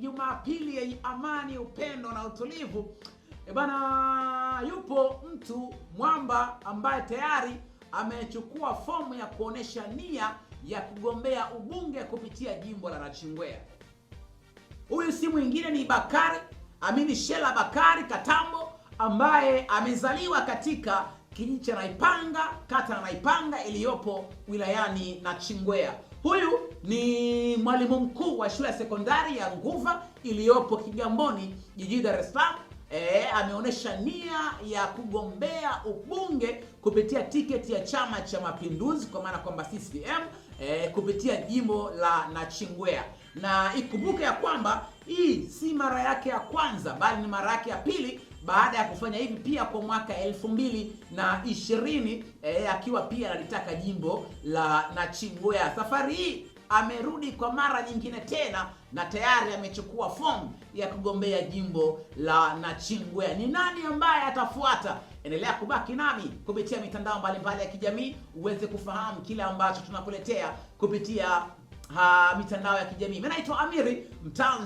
Jumapili yenye amani, upendo na utulivu. E bana, yupo mtu mwamba ambaye tayari amechukua fomu ya kuonesha nia ya kugombea ubunge kupitia jimbo la Nachingwea. Huyu si mwingine ni Bakari Amini Shela Bakari Katambo ambaye amezaliwa katika kijiji cha Naipanga, kata ya Naipanga iliyopo wilayani Nachingwea. Huyu ni mwalimu mkuu wa shule ya sekondari ya Nguva iliyopo Kigamboni, jijini Dar es Salaam E, ameonyesha nia ya kugombea ubunge kupitia tiketi ya Chama cha Mapinduzi kwa maana kwamba CCM e, kupitia jimbo la Nachingwea, na ikumbuke ya kwamba hii si mara yake ya kwanza, bali ni mara yake ya pili baada ya kufanya hivi pia kwa mwaka elfu mbili na ishirini e, akiwa pia analitaka jimbo la Nachingwea safari hii amerudi kwa mara nyingine tena na tayari amechukua fomu ya kugombea jimbo la Nachingwea. Ni nani ambaye atafuata? Endelea kubaki nami kupitia mitandao mbalimbali ya kijamii uweze kufahamu kile ambacho tunakuletea kupitia ha, mitandao ya kijamii. Mimi naitwa Amiri Mtanz